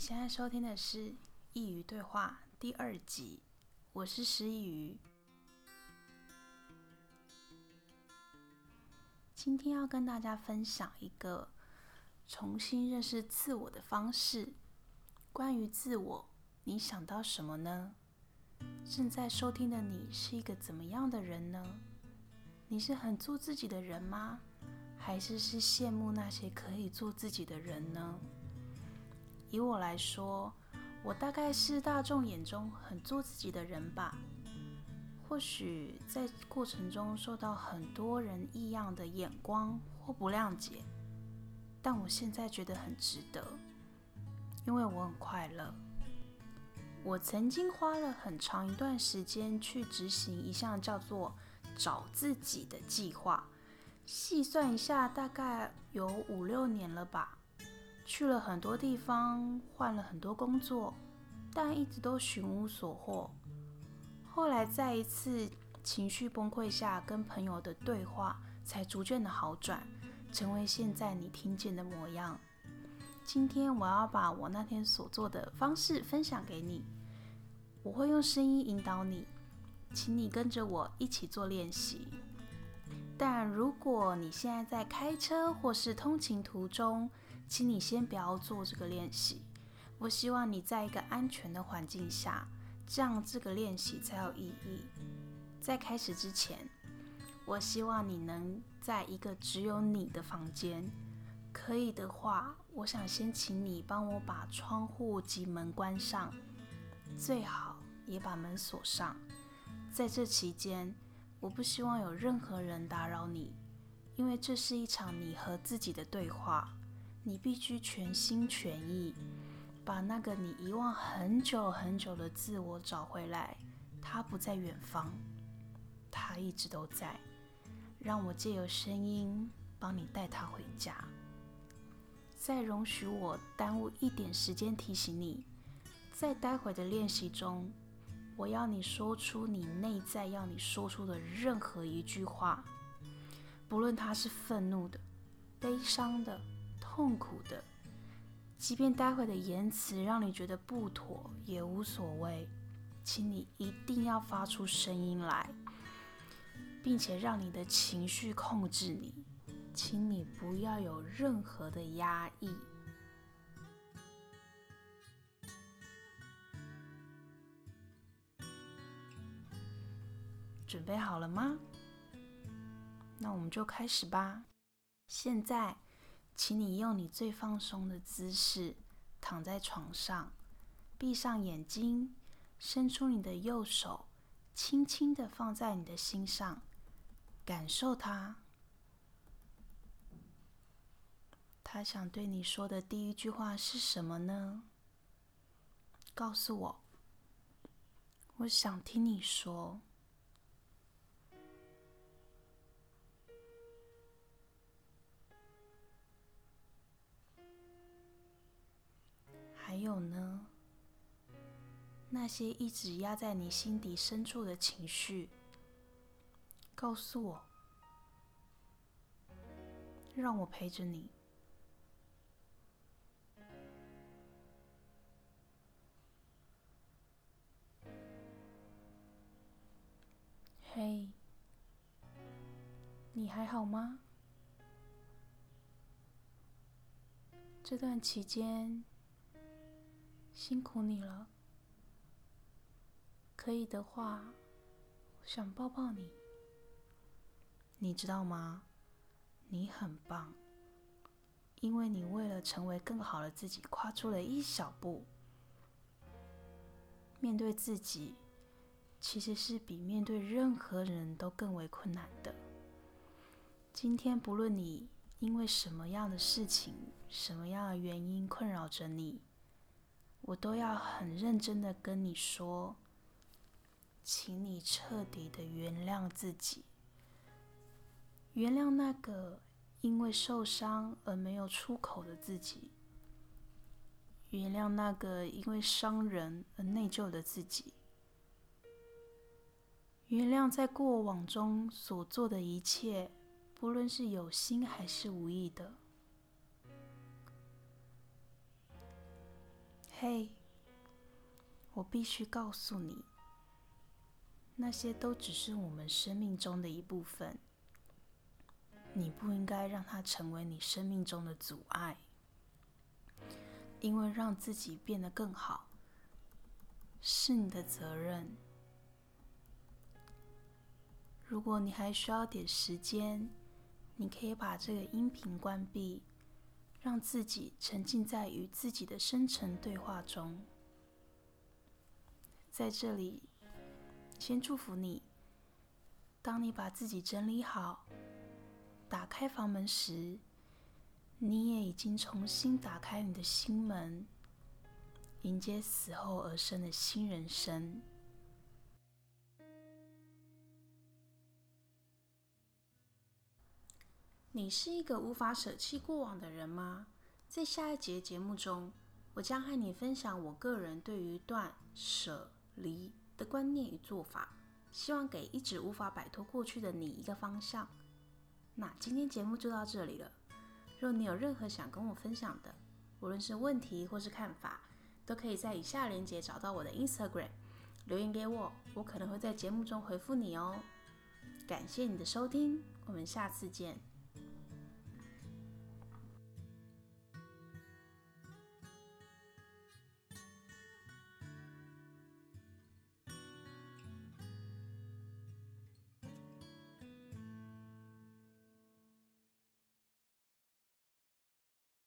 現在收聽的是《佾萮對話》第二集，我是師佾萮。今天要跟大家分享一個重新認識自我的方式。關於自我，你想到什麼呢？正在收聽的你是一個怎麼樣的人呢？你是很做自己的人嗎？還是是羨慕那些可以做自己的人呢？以我來說，我大概是大眾眼中很做自己的人吧。或許在過程中受到很多人異樣的眼光或不諒解，但我現在覺得很值得，因為我很快樂。我曾經花了很長一段時間去執行一項叫做“找自己”的計劃，細算一下，大概有五六年了吧。去了很多地方，換了很多工作，但一直都尋無所獲。後來在一次情緒崩潰下，跟朋友的對話才逐漸的好轉，成為現在你聽見的模樣。今天我要把我那天所做的方式分享給你，我會用聲音引導你，請你跟着我一起做練習。但如果你現在在開車或是通勤途中，請你先不要做這個練習。我希望你在一個安全的環境下，這樣這個練習才有意義。在開始之前，我希望你能在一個只有你的房間。可以的話，我想先請你幫我把窗戶及門關上，最好也把門鎖上。在這期間，我不希望有任何人打擾你，因為這是一場你和自己的對話。你必須全心全意把那個你遺忘很久很久的自我找回來。他不在遠方，他一直都在。讓我借由聲音幫你帶他回家。再容許我耽誤一點時間提醒你，在待會的練習中。我要你說出你內在要你說出的任何一句話，不論它是憤怒的、悲傷的、痛苦的，即便待會的言辭讓你覺得不妥也無所謂，請你一定要發出聲音來，並且讓你的情緒控制你，請你不要有任何的壓抑。準備好了嗎？那我們就開始吧。現在，請你用你最放鬆的姿勢躺在床上，閉上眼睛，伸出你的右手，輕輕的放在你的心上，感受它。它想對你說的第一句話是什麼呢？告訴我，我想聽你說。那些一直壓在你心底深處的情緒，告訴我，讓我陪着你。嘿，hey, 你還好嗎？這段期間辛苦你了。可以的話，我想抱抱你。你知道嗎？你很棒，因為你為了成為更好的自己，跨出了一小步。面對自己，其實是比面對任何人都更為困難的。今天，不論你因為什麼樣的事情、什麼樣的原因困擾着你，我都要很認真的跟你說。請你徹底的原諒自己，原諒那個因為受傷而沒有出口的自己，原諒那個因為傷人而內疚的自己，原諒在過往中所做的一切，不論是有心還是無意的。嘿，我必須告訴你。那些都只是我們生命中的一部分，你不應該讓它成為你生命中的阻礙，因為讓自己變得更好是你的責任。如果你還需要點時間，你可以把這個音頻關閉，讓自己沉浸在與自己的深層對話中，在這裡。先祝福你。當你把自己整理好，打開房門時，你也已經重新打開你的心門，迎接死後而生的新人生。你是一個無法捨棄過往的人嗎？在下一節節目中，我將和你分享我個人對於斷捨離。的觀念與做法，希望給一直無法擺脫過去的你一個方向。那今天節目就到這裡了。若你有任何想跟我分享的，無論是問題或是看法，都可以在以下連結找到我的 Instagram，留言給我，我可能會在節目中回復你哦。感謝你的收聽，我們下次見。